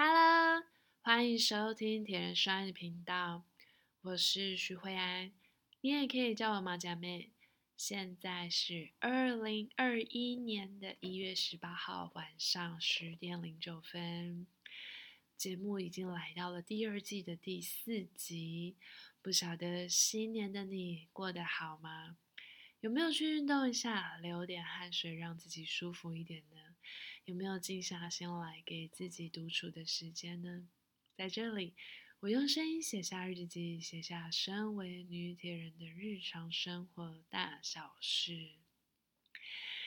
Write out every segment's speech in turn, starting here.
哈嘍，Hello, 歡迎收聽鐵人 Shine 的頻道，我是徐慧安，你也可以叫我馬甲妹。現在是二零二一年的一月十八號晚上十點零九分，節目已經來到了第二季的第四集。不曉得新年的你過得好嗎？有沒有去運動一下，流點汗水，讓自己舒服一點呢？有沒有靜下心來給自己獨處的時間呢？在這裡，我用聲音寫下日記，寫下身為女鐵人的日常生活大小事。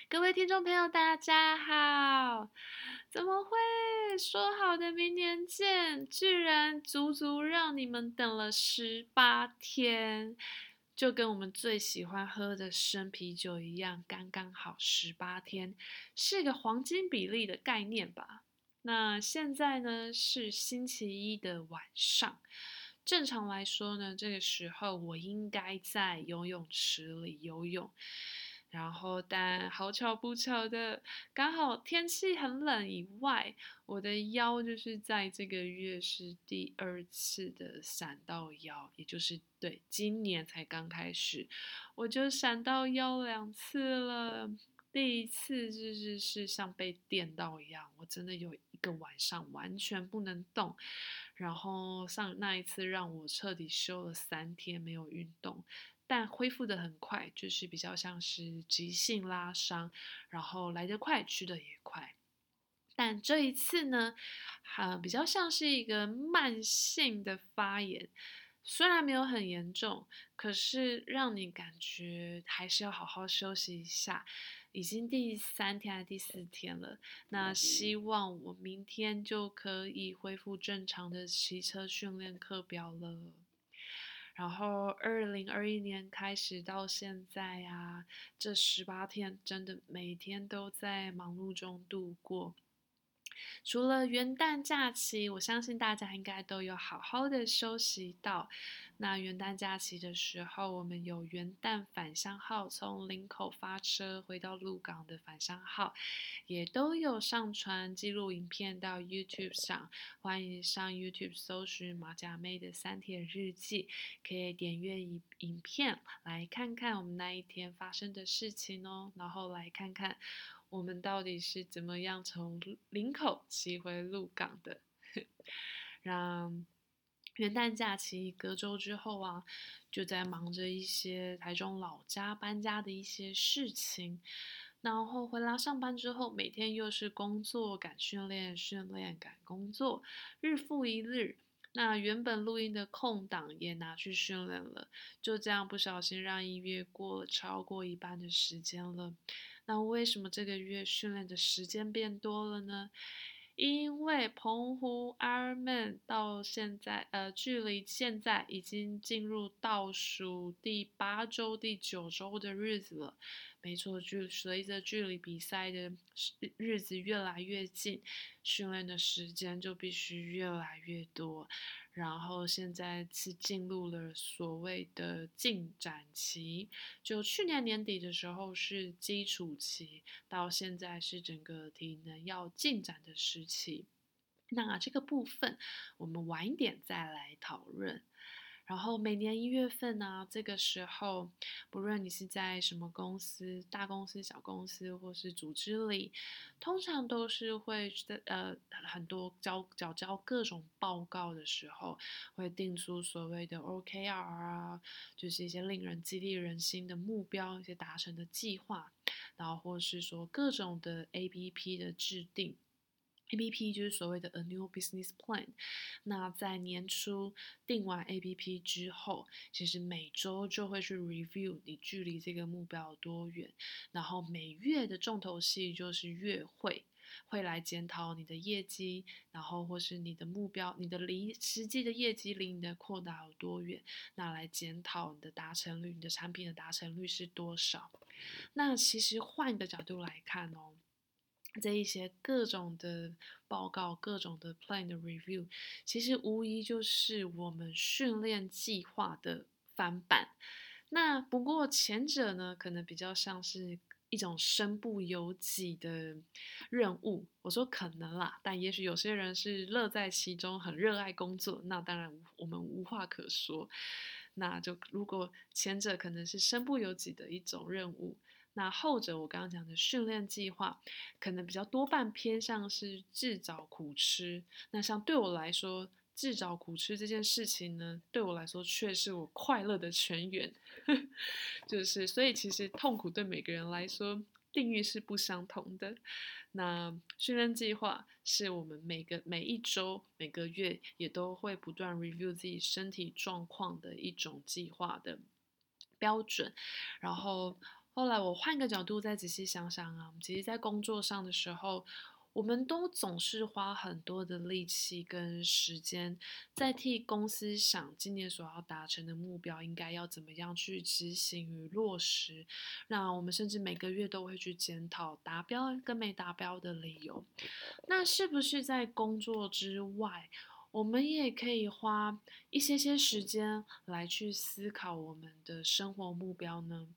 各位聽眾朋友，大家好！怎麼會說好的明年見，居然足足讓你們等了十八天？就跟我們最喜歡喝的生啤酒一樣，剛剛好十八天，是一個黃金比例的概念吧？那現在呢，是星期一的晚上，正常來說呢，這個時候我應該在游泳池裡游泳。然後，但好巧不巧的，剛好天氣很冷以外，我的腰就是在這個月是第二次的閃到腰，也就是對，今年才剛開始，我就閃到腰兩次了。第一次就是是像被電到一樣，我真的有一個晚上完全不能動。然後上那一次讓我徹底休了三天，沒有運動。但恢復得很快，就是比較像是急性拉傷，然後來得快去得也快。但這一次呢，哈、呃，比較像是一個慢性的發炎，雖然沒有很嚴重，可是讓你感覺還是要好好休息一下。已經第三天還是第四天了，那希望我明天就可以恢復正常的騎車訓練課表了。然後，二零二一年開始到現在呀、啊，這十八天真的每天都在忙碌中度過。除了元旦假期，我相信大家應該都有好好的休息到。那元旦假期的時候，我們有元旦返鄉號從林口發車回到鹿港的返鄉號，也都有上傳記錄影片到 YouTube 上。歡迎上 YouTube 搜尋馬甲妹的三鐵日記，可以點閱影影片來看看我們那一天發生的事情哦。然後來看看。我們到底是怎麼樣從林口騎回鹿港的？讓 元旦假期隔週之後啊，就在忙着一些台中老家搬家的一些事情。然後回來上班之後，每天又是工作趕訓練，訓練趕工作，日復一日。那原本錄音的空檔也拿去訓練了，就這樣不小心讓一月過了超過一半的時間了。那為什麼這個月訓練的時間變多了呢？因為澎湖 Ironman 到現在呃，距離現在已經進入倒數第八週、第九週的日子了。沒錯，距離隨着距離比賽的日子越來越近，訓練的時間就必須越來越多。然後現在是進入了所謂的進展期，就去年年底的時候是基礎期，到現在是整個體能要進展的時期。那、啊、這個部分，我們晚一點再來討論。然後每年一月份呢、啊，這個時候，不論你是在什麼公司，大公司、小公司，或是組織裡，通常都是會在呃很多交繳交、交各種報告的時候，會定出所謂的 OKR、OK、啊，就是一些令人激勵人心的目標，一些達成的計劃，然後或是說各種的 APP 的制定。A PP 就是所謂的 A New Business Plan。那在年初定完 A PP 之後，其實每周就會去 review 你距離這個目標有多遠。然後每月的重頭戲就是月會，會來檢討你的業績，然後或是你的目標，你的離實際的業績離你的擴大有多遠？那來檢討你的達成率，你的產品的達成率是多少？那其實換一個角度來看哦。這一些各種的報告、各種的 plan review，其實無疑就是我們訓練計劃的翻版。那不過前者呢，可能比較像是一種身不由己的任務。我說可能啦，但也許有些人是樂在其中，很熱愛工作。那當然我們無話可說。那就如果前者可能是身不由己的一種任務。那後者，我剛剛講的訓練計劃，可能比較多半偏向是自找苦吃。那像對我來說，自找苦吃這件事情呢，對我來說卻是我快樂的泉源。 就是，所以其實痛苦對每個人來說定義是不相同的。那訓練計劃是我們每個每一周、每個月也都會不斷 review 自己身體狀況的一種計劃的標準，然後。後來我換個角度再仔細想想啊，我們其實，在工作上的時候，我們都總是花很多的力氣跟時間，在替公司想今年所要達成的目標應該要怎麼樣去執行與落實。那我們甚至每個月都會去檢討達標跟沒達標的理由。那是不是在工作之外，我們也可以花一些些時間來去思考我們的生活目標呢？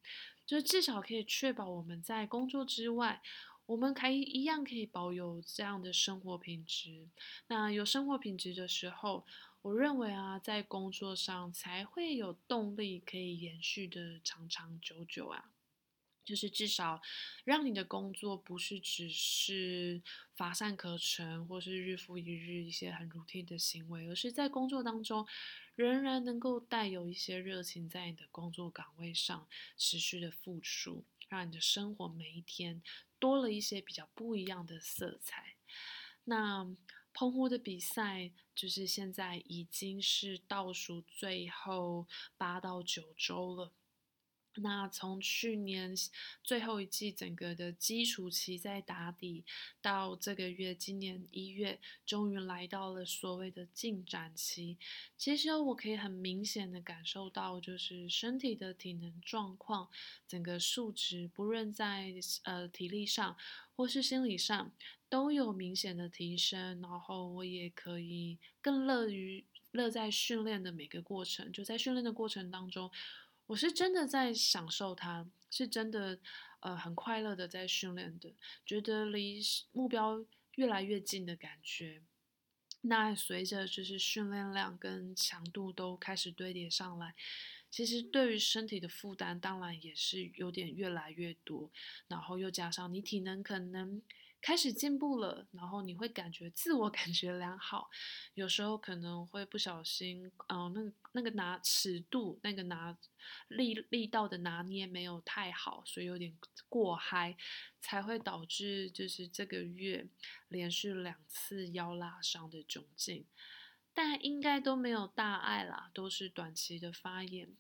就是至少可以確保我們在工作之外，我們可以一樣可以保有這樣的生活品質。那有生活品質的時候，我認為啊，在工作上才會有動力可以延續的長長久久啊。就是至少讓你的工作不是只是乏善可陳或是日復一日一些很 routine 的行為，而是在工作當中。仍然能夠帶有一些熱情，在你的工作崗位上持續的付出，讓你的生活每一天多了一些比較不一樣的色彩。那澎湖的比賽，就是現在已經是倒數最後八到九週了。那從去年最後一季整個的基礎期在打底，到這個月今年一月，終於來到了所謂的進展期。其實我可以很明顯的感受到，就是身體的體能狀況，整個數值，不論在呃體力上或是心理上，都有明顯的提升。然後我也可以更樂於樂在訓練的每個過程，就在訓練的過程當中。我是真的在享受它，它是真的，呃，很快樂的在訓練的，覺得離目標越來越近的感覺。那隨着就是訓練量跟強度都開始堆疊上來，其實對於身體的負擔當然也是有點越來越多，然後又加上你體能可能，開始進步了，然後你會感覺自我感覺良好，有時候可能會不小心，嗯、呃，那那個拿尺度，那個拿力力道的拿捏沒有太好，所以有點過嗨，才會導致就是這個月連續兩次腰拉傷的窘境，但應該都沒有大礙啦，都是短期的發炎，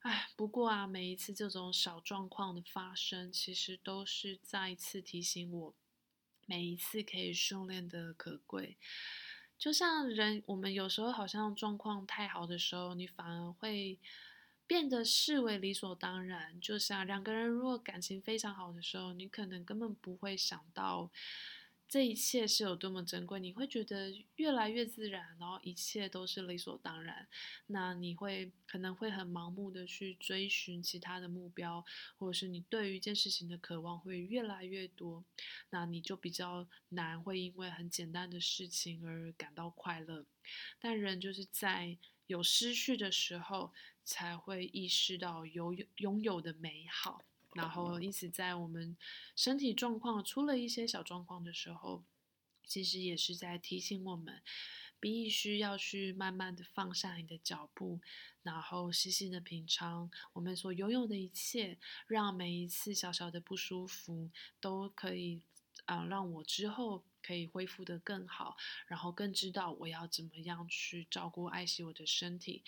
唉，不過啊，每一次這種小狀況的發生，其實都是再一次提醒我。每一次可以訓練的可貴，就像人，我們有時候好像狀況太好的時候，你反而會變得視為理所當然。就像兩個人如果感情非常好的時候，你可能根本不會想到。這一切是有多麼珍貴，你會覺得越來越自然，然後一切都是理所當然。那你會可能會很盲目的去追尋其他的目標，或者是你對於一件事情的渴望會越來越多。那你就比較難會因為很簡單的事情而感到快樂。但人就是在有失去的時候，才會意識到有擁有的美好。然後，因此在我們身體狀況出了一些小狀況的時候，其實也是在提醒我們，必須要去慢慢的放下你的腳步，然後細細的品嘗我們所擁有的一切，讓每一次小小的不舒服，都可以，啊、呃，讓我之後可以恢復得更好，然後更知道我要怎麼樣去照顧、愛惜我的身體。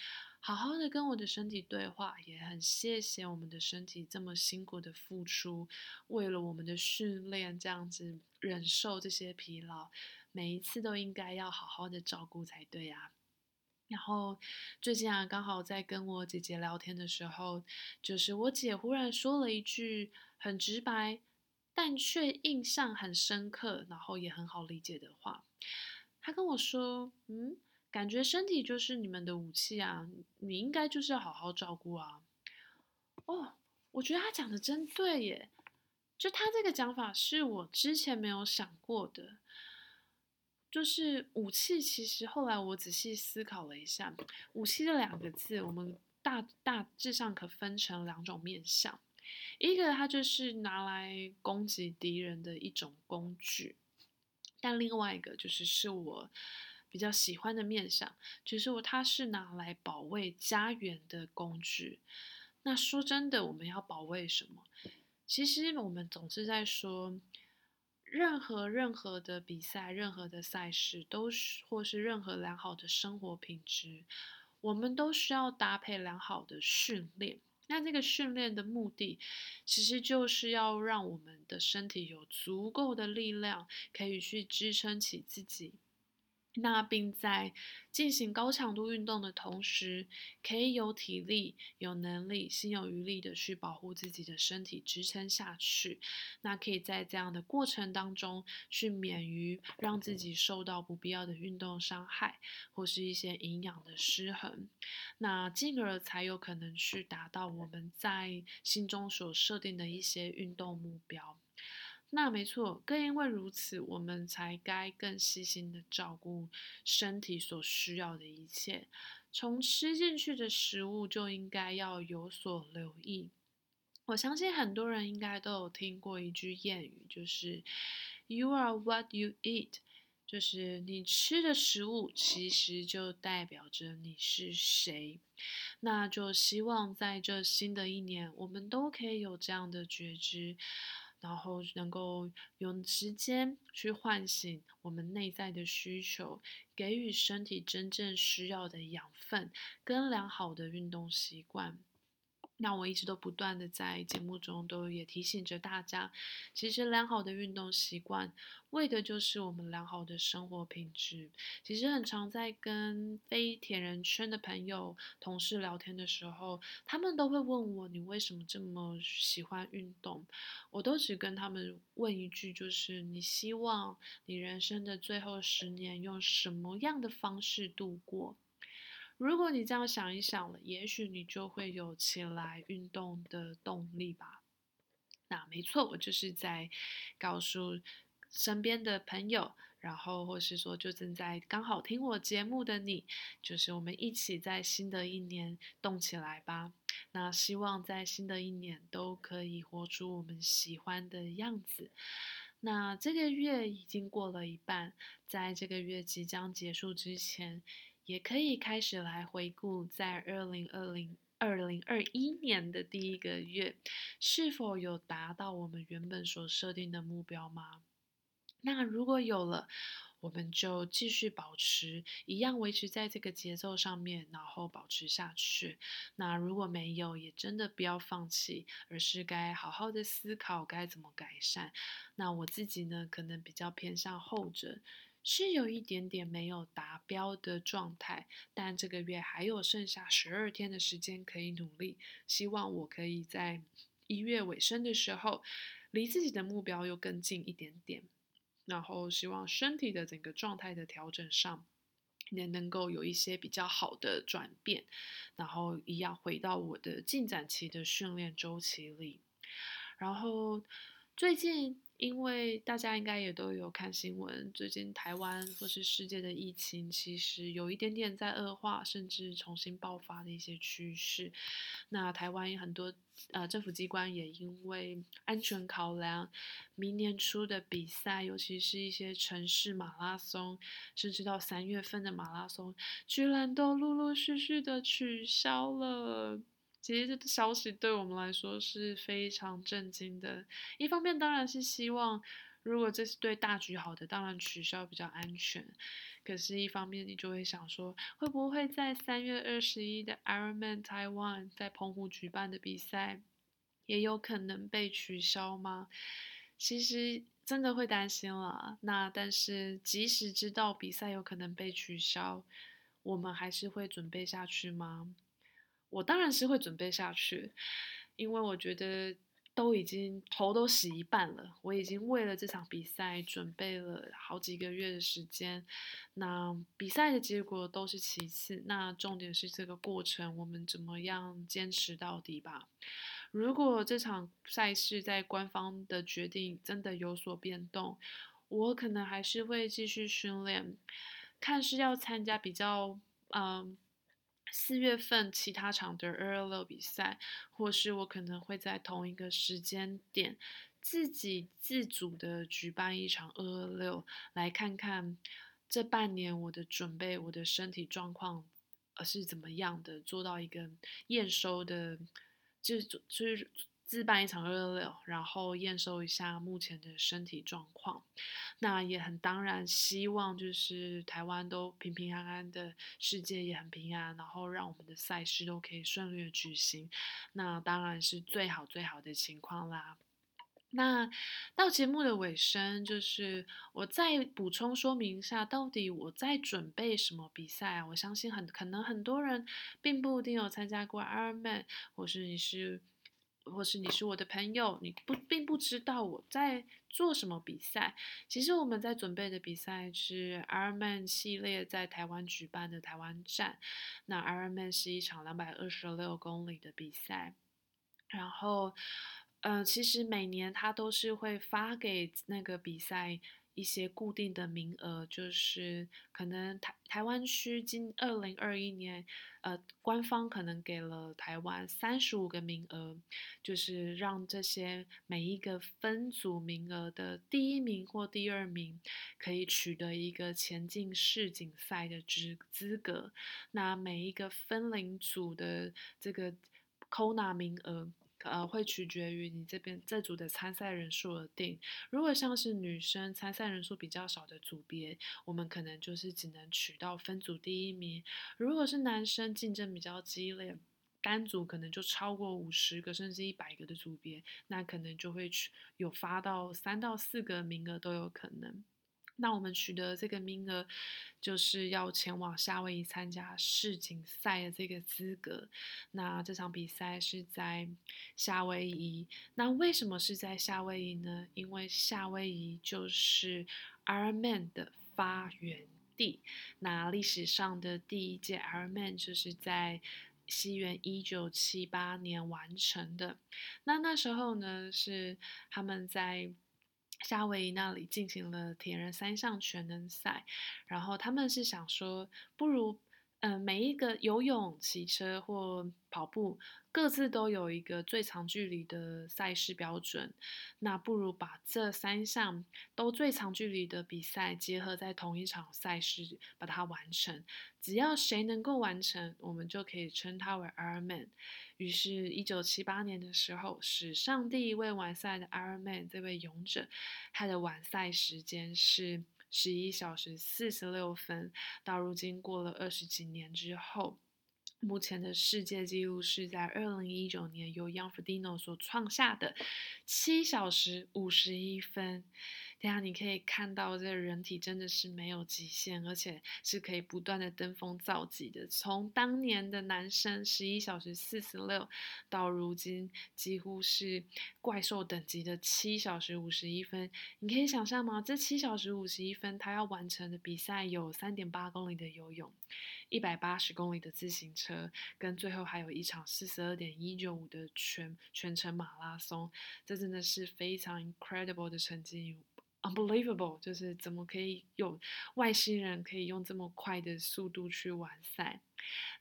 好好的跟我的身體對話，也很謝謝我們的身體這麼辛苦的付出，為了我們的訓練這樣子忍受這些疲勞，每一次都應該要好好的照顧才對呀。然後最近啊，剛好在跟我姐姐聊天的時候，就是我姐忽然說了一句很直白，但卻印象很深刻，然後也很好理解的話，她跟我說，嗯。感覺身體就是你們的武器啊，你應該就是要好好照顧啊。哦，我覺得他講的真對耶，就他這個講法是我之前沒有想過的。就是武器，其實後來我仔細思考了一下，武器這兩個字，我們大大致上可分成兩種面向，一個它就是拿來攻擊敵人的一種工具，但另外一個就是是我。比較喜歡的面相，其實它是拿來保衛家園的工具。那說真的，我們要保衛什麼？其實我們總是在說，任何任何的比賽，任何的賽事，都是或是任何良好的生活品質，我們都需要搭配良好的訓練。那這個訓練的目的，其實就是要讓我們的身體有足夠的力量，可以去支撐起自己。那並在進行高強度運動的同時，可以有體力、有能力、心有餘力的去保護自己的身體支撐下去。那可以在這樣的過程當中去免於讓自己受到不必要的運動傷害，或是一些營養的失衡。那進而才有可能去達到我們在心中所設定的一些運動目標。那沒錯，更因為如此，我們才該更細心的照顧身體所需要的一切，從吃進去的食物就應該要有所留意。我相信很多人應該都有聽過一句諺語，就是 “You are what you eat”，就是你吃的食物其實就代表着你是誰。那就希望在這新的一年，我們都可以有這樣的覺知。然後能夠用時間去喚醒我們內在的需求，給予身體真正需要的養分跟良好的運動習慣。那我一直都不斷的在節目中都也提醒着大家，其實良好的運動習慣，為的就是我們良好的生活品質。其實很常在跟非鐵人圈的朋友、同事聊天的時候，他們都會問我，你為什麼這麼喜歡運動？我都只跟他們問一句，就是你希望你人生的最後十年用什麼樣的方式度過？如果你這樣想一想了，也許你就會有起來運動的動力吧。那沒錯，我就是在告訴身邊的朋友，然後或是說就正在剛好聽我節目的你，就是我們一起在新的一年動起來吧。那希望在新的一年都可以活出我們喜歡的樣子。那這個月已經過了一半，在這個月即將結束之前，也可以開始來回顧，在二零二零二零二一年的第一個月，是否有達到我們原本所設定的目標嗎？那如果有了，我們就繼續保持，一樣維持在這個節奏上面，然後保持下去。那如果沒有，也真的不要放棄，而是該好好的思考該怎麼改善。那我自己呢，可能比較偏向後者。是有一點點沒有達標的狀態，但這個月還有剩下十二天的時間可以努力，希望我可以在一月尾聲的時候離自己的目標又更近一點點，然後希望身體的整個狀態的調整上也能夠有一些比較好的轉變，然後一樣回到我的進展期的訓練週期裡。然後最近。因為大家應該也都有看新聞，最近台灣或是世界的疫情其實有一點點在惡化，甚至重新爆發的一些趨勢。那台灣有很多呃政府機關也因為安全考量，明年初的比賽，尤其是一些城市馬拉松，甚至到三月份的馬拉松，居然都陸陸續續的取消了。其實這個消息對我們來說是非常震驚的。一方面當然是希望，如果這是對大局好的，當然取消比較安全。可是，一方面你就會想說，會不會在三月二十一的 Ironman Taiwan 在澎湖舉辦的比賽也有可能被取消嗎？其實真的會擔心了。那但是，即使知道比賽有可能被取消，我們還是會準備下去嗎？我當然是會準備下去，因為我覺得都已經頭都洗一半了，我已經為了這場比賽準備了好幾個月的時間。那比賽的結果都是其次，那重點是這個過程，我們怎麼樣堅持到底吧？如果這場賽事在官方的決定真的有所變動，我可能還是會繼續訓練，看是要參加比較，嗯。四月份其他場的二二六比賽，或是我可能會在同一個時間點自己自主的舉辦一場二二六，來看看這半年我的準備、我的身體狀況呃是怎麼樣的，做到一個驗收的，這種。就是。就自辦一場熱熱熱，然後驗收一下目前的身體狀況。那也很當然，希望就是台灣都平平安安的，世界也很平安，然後讓我們的賽事都可以順利的舉行。那當然是最好最好的情況啦。那到節目的尾聲，就是我再補充說明一下，到底我在準備什麼比賽啊？我相信很可能很多人並不一定有參加過 Ironman，或是你是。或是你是我的朋友，你不，並不知道我在做什麼比賽。其實我們在準備的比賽是 Ironman 系列在台灣舉辦的台灣站。那 Ironman 是一場兩百二十六公里的比賽。然後，呃，其實每年他都是會發給那個比賽。一些固定的名額，就是可能台台灣區今二零二一年，呃，官方可能給了台灣三十五個名額，就是讓這些每一個分組名額的第一名或第二名，可以取得一個前進世錦賽的資資格。那每一個分齡組的這個 Kona 名額。呃，會取決於你這邊這組的參賽人數而定。如果像是女生參賽人數比較少的組別，我們可能就是只能取到分組第一名。如果是男生競爭比較激烈，單組可能就超過五十個甚至一百個的組別，那可能就會有發到三到四個名額都有可能。那我們取得這個名額，就是要前往夏威夷參加世錦賽的這個資格。那這場比賽是在夏威夷。那為什麼是在夏威夷呢？因為夏威夷就是 Ironman 的發源地。那歷史上的第一屆 Ironman 就是在西元一九七八年完成的。那那時候呢，是他們在。夏威夷那裡進行了鐵人三項全能賽，然後他們是想說，不如，嗯、呃，每一個游泳、騎車或跑步，各自都有一個最長距離的賽事標準，那不如把這三項都最長距離的比賽結合在同一場賽事，把它完成，只要誰能夠完成，我們就可以稱他為 Iron Man。於是，一九七八年的時候，史上第一位完賽的 Ironman 這位勇者，他的完賽時間是十一小時四十六分。到如今，過了二十幾年之後。目前的世界紀錄是在二零一九年由 Jan Frodeno 所創下的七小時五十一分。大家你可以看到，這個人體真的是沒有極限，而且是可以不斷的登峰造極的。從當年的男生十一小時四十六，到如今幾乎是怪獸等級的七小時五十一分，你可以想象嗎？這七小時五十一分，他要完成的比賽有三點八公里的游泳。一百八十公里的自行車，跟最後還有一場四十二點一九五的全全程馬拉松，這真的是非常 incredible 的成績，unbelievable，就是怎麼可以有外星人可以用這麼快的速度去完賽？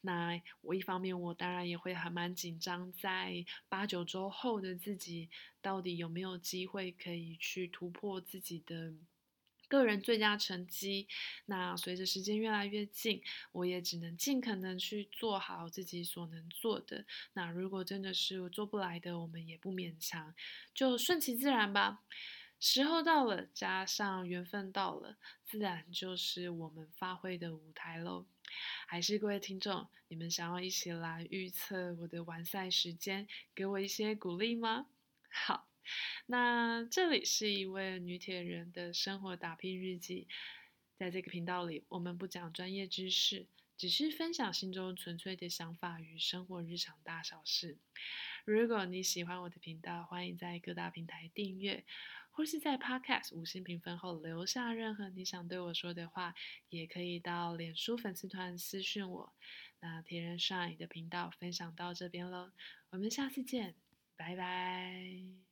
那我一方面我當然也會還蠻緊張，在八九周後的自己到底有沒有機會可以去突破自己的？個人最佳成績，那隨着時間越來越近，我也只能盡可能去做好自己所能做的。那如果真的是我做不來的，我們也不勉強，就順其自然吧。時候到了，加上緣分到了，自然就是我們發揮的舞台嘍。還是各位聽眾，你們想要一起來預測我的完賽時間，給我一些鼓勵嗎？好。那這裡是一位女鐵人的生活打拼日記，在這個頻道裡，我們不講專業知識，只是分享心中純粹的想法與生活日常大小事。如果你喜歡我的頻道，歡迎在各大平台訂閱，或是在 Podcast 五星評分後留下任何你想對我說的話，也可以到臉書粉絲團私訊我。那鐵人 Shine 的頻道分享到這邊嘍，我們下次見，拜拜。